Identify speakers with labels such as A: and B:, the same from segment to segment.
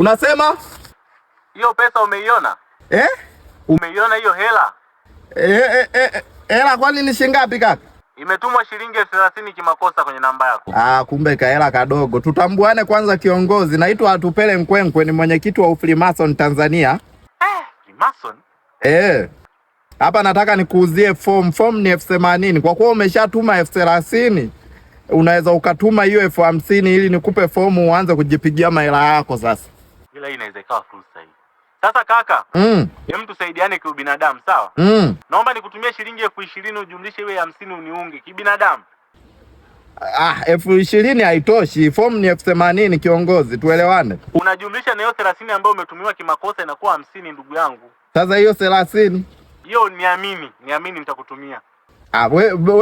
A: Unasema
B: hiyo pesa umeiona eh? Umeiona hiyo hela
A: eh, eh, eh, eh hela kwani ni shilingi ngapi kaka?
B: Imetumwa shilingi elfu thelathini kimakosa kwenye namba yako.
A: Ah, kumbe kahela kadogo. Tutambuane kwanza kiongozi. Naitwa Atupele Nkwenkwe, ni mwenyekiti wa Ufrimason Tanzania.
B: Eh, Freemason?
A: Eh. Hapa nataka nikuuzie form. Form ni elfu themanini. Kwa kuwa umeshatuma elfu thelathini unaweza ukatuma hiyo elfu hamsini ili nikupe fomu uanze kujipigia mahela yako sasa
B: ila hii inaweza ikawa fursa hii. Sasa kaka, mm. hem tusaidiane kiubinadamu sawa? Mm. Naomba nikutumie shilingi elfu ishirini ujumlishe iwe hamsini uniunge kibinadamu.
A: Ah, elfu ishirini haitoshi, fomu ni elfu themanini kiongozi, tuelewane.
B: Unajumlisha na hiyo thelathini ambayo umetumiwa kimakosa inakuwa hamsini ndugu yangu.
A: Sasa hiyo thelathini
B: hiyo niamini, niamini nitakutumia.
A: Ah, we, we,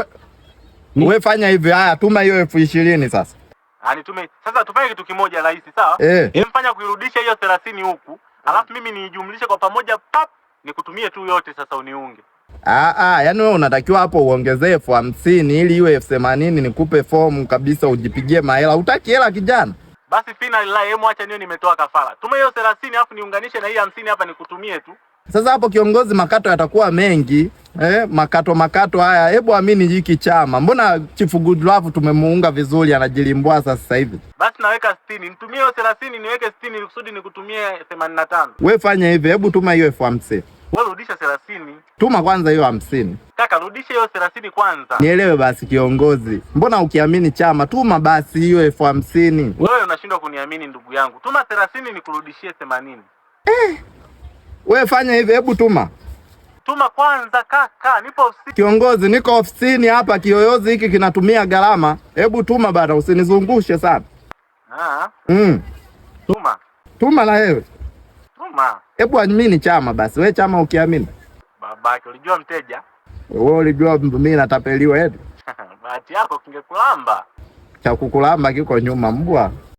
A: we, we fanya hivyo. Haya, tuma hiyo elfu ishirini sasa.
B: Yaani tume sasa tufanye kitu kimoja rahisi sawa? Eh. Nimfanya kuirudisha hiyo 30 huku, alafu mimi niijumlishe kwa pamoja pap nikutumie tu yote sasa uniunge.
A: Ah ah, yaani wewe unatakiwa hapo uongezee elfu hamsini ili iwe elfu themanini nikupe fomu kabisa ujipigie mahela. Hutaki hela kijana?
B: Basi fina la hemu, acha niyo nimetoa kafara. Tume hiyo 30 alafu niunganishe na hii hamsini hapa nikutumie tu.
A: Sasa hapo kiongozi, makato yatakuwa mengi eh, makato makato haya. Hebu amini hiki chama, mbona Chifu good love tumemuunga vizuri, anajilimbwa sasa hivi.
B: Basi naweka 60 nitumie hiyo 30 niweke 60 ili kusudi nikutumie 85.
A: Wewe fanya hivi, hebu tuma hiyo elfu hamsini.
B: Wewe rudisha 30.
A: Tuma kwanza hiyo hamsini.
B: Kaka rudisha hiyo 30 kwanza.
A: Nielewe basi kiongozi. Mbona ukiamini chama tuma basi hiyo elfu hamsini.
B: Wewe unashindwa kuniamini ndugu yangu. Tuma 30 nikurudishie 80.
A: Eh. Wewe fanya hivi, hebu tuma
B: tuma kwanza kaka, nipo ofisini.
A: Kiongozi, niko ofisini hapa, kiyoyozi hiki kinatumia gharama. Hebu tuma bana, usinizungushe sana. Ah. Mm. Tuma. Tuma na wewe. Tuma. Hebu amini chama basi. We chama ukiamini.
B: Babake, ulijua mteja?
A: Wewe ulijua mimi natapeliwa eti.
B: Bahati yako kingekulamba.
A: Cha kukulamba kiko nyuma mbwa.